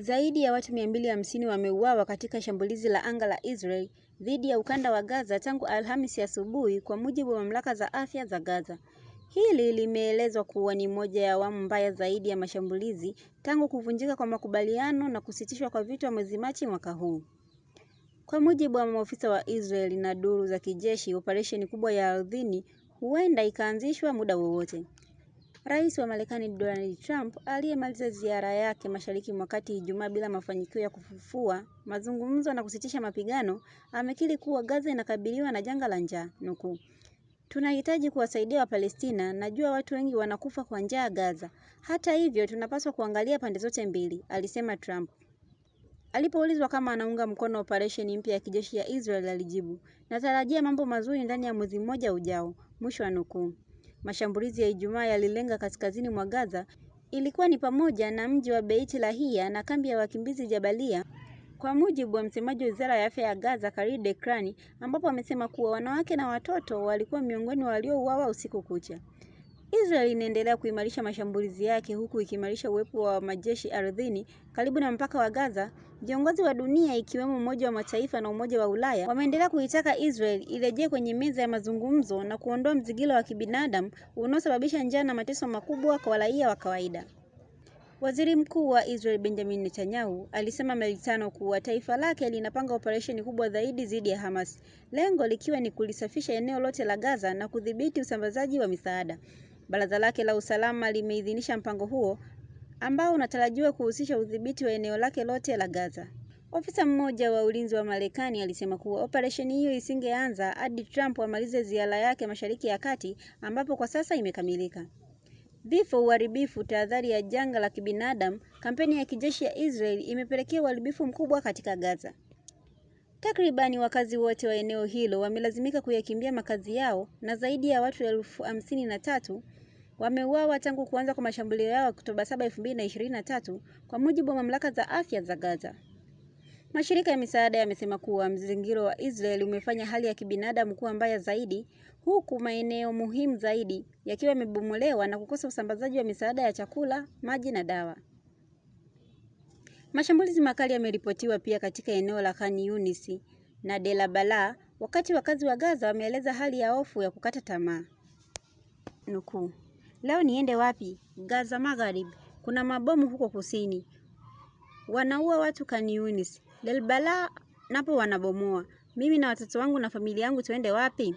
Zaidi ya watu 250 wameuawa katika shambulizi la anga la Israel dhidi ya ukanda wa Gaza tangu Alhamisi asubuhi, kwa mujibu wa mamlaka za afya za Gaza. Hili limeelezwa kuwa ni moja ya awamu mbaya zaidi ya mashambulizi tangu kuvunjika kwa makubaliano na kusitishwa kwa vita mwezi Machi mwaka huu. Kwa mujibu wa maafisa wa Israel na duru za kijeshi, operesheni kubwa ya ardhini huenda ikaanzishwa muda wowote. Rais wa Marekani Donald Trump aliyemaliza ziara yake mashariki mwa kati Ijumaa bila mafanikio ya kufufua mazungumzo na kusitisha mapigano, amekiri kuwa Gaza inakabiliwa na janga la njaa, nukuu, tunahitaji kuwasaidia Wapalestina, najua watu wengi wanakufa kwa njaa Gaza. Hata hivyo, tunapaswa kuangalia pande zote mbili, alisema Trump. Alipoulizwa kama anaunga mkono operesheni mpya ya kijeshi ya Israel alijibu, natarajia mambo mazuri ndani ya mwezi mmoja ujao, mwisho wa nukuu. Mashambulizi ya Ijumaa yalilenga kaskazini mwa Gaza ilikuwa ni pamoja na mji wa Beit Lahia na kambi ya wakimbizi Jabalia, kwa mujibu wa msemaji wa Wizara ya Afya ya Gaza, Khalid Dekrani, ambapo amesema kuwa wanawake na watoto walikuwa miongoni wa waliouawa usiku kucha. Israel inaendelea kuimarisha mashambulizi yake huku ikiimarisha uwepo wa majeshi ardhini karibu na mpaka wa Gaza. Viongozi wa dunia ikiwemo Umoja wa Mataifa na Umoja wa Ulaya wameendelea kuitaka Israel irejee kwenye meza ya mazungumzo na kuondoa mzigiro wa kibinadamu unaosababisha njaa na mateso makubwa kwa raia wa kawaida. Waziri Mkuu wa Israel Benjamin Netanyahu alisema Mei tano kuwa taifa lake linapanga operesheni kubwa zaidi dhidi ya Hamas, lengo likiwa ni kulisafisha eneo lote la Gaza na kudhibiti usambazaji wa misaada. Baraza lake la Usalama limeidhinisha mpango huo ambao unatarajiwa kuhusisha udhibiti wa eneo lake lote la Gaza. Ofisa mmoja wa ulinzi wa Marekani alisema kuwa operesheni hiyo isingeanza hadi Trump amalize ziara yake Mashariki ya Kati ambapo kwa sasa imekamilika. Vifo, uharibifu, tahadhari ya janga la kibinadamu. Kampeni ya kijeshi ya Israel imepelekea uharibifu mkubwa katika Gaza. Takribani wakazi wote wa eneo hilo wamelazimika kuyakimbia makazi yao na zaidi ya watu elfu hamsini na tatu wameuawa tangu kuanza kwa mashambulio yao Oktoba 7, 2023 kwa mujibu wa mamlaka za afya za Gaza. Mashirika ya misaada yamesema kuwa mzingiro wa Israel umefanya hali ya kibinadamu kuwa mbaya zaidi, huku maeneo muhimu zaidi yakiwa yamebomolewa na kukosa usambazaji wa misaada ya chakula, maji na dawa. Mashambulizi makali yameripotiwa pia katika eneo la Khan Yunis na Deir Balah, wakati wakazi wa Gaza wameeleza hali ya hofu ya kukata tamaa. Nukuu. Leo niende wapi? Gaza magharibi. Kuna mabomu huko kusini. Wanaua watu Kaniunis. Lelbala napo wanabomoa. Mimi na watoto wangu na familia yangu tuende wapi?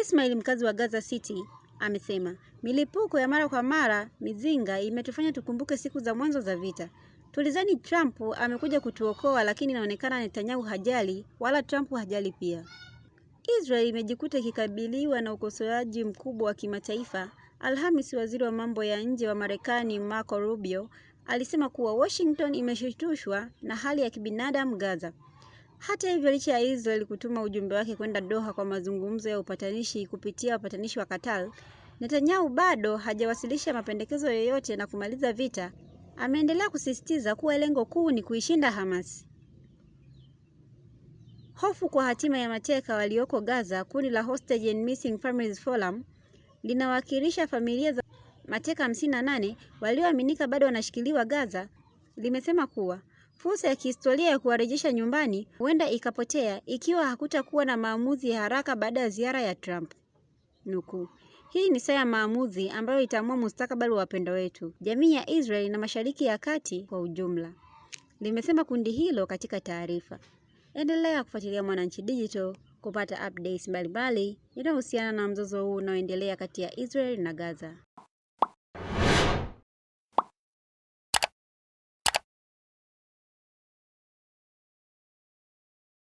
Ismail mkazi wa Gaza City amesema milipuko ya mara kwa mara mizinga imetufanya tukumbuke siku za mwanzo za vita. Tulizani Trump amekuja kutuokoa, lakini inaonekana Netanyahu hajali, wala Trump hajali pia. Israel imejikuta ikikabiliwa na ukosoaji mkubwa wa kimataifa. alhamis waziri wa mambo ya nje wa Marekani Marco Rubio alisema kuwa Washington imeshtushwa na hali ya kibinadamu Gaza. Hata hivyo, licha ya Israel kutuma ujumbe wake kwenda Doha kwa mazungumzo ya upatanishi kupitia wapatanishi wa Qatar, Netanyahu bado hajawasilisha mapendekezo yoyote na kumaliza vita. Ameendelea kusisitiza kuwa lengo kuu ni kuishinda Hamas hofu kwa hatima ya mateka walioko Gaza, kundi la Hostage and Missing Families Forum linawakilisha familia za mateka 58 walioaminika bado wanashikiliwa Gaza, limesema kuwa fursa ya kihistoria ya kuwarejesha nyumbani huenda ikapotea ikiwa hakutakuwa na maamuzi ya haraka baada ya ziara ya Trump. Nukuu, hii ni saa ya maamuzi ambayo itaamua mustakabali wa wapendwa wetu, jamii ya Israel na Mashariki ya Kati kwa ujumla, limesema kundi hilo katika taarifa. Endelea kufuatilia Mwananchi Digital kupata updates mbalimbali inayohusiana na mzozo huu unaoendelea kati ya Israel na Gaza.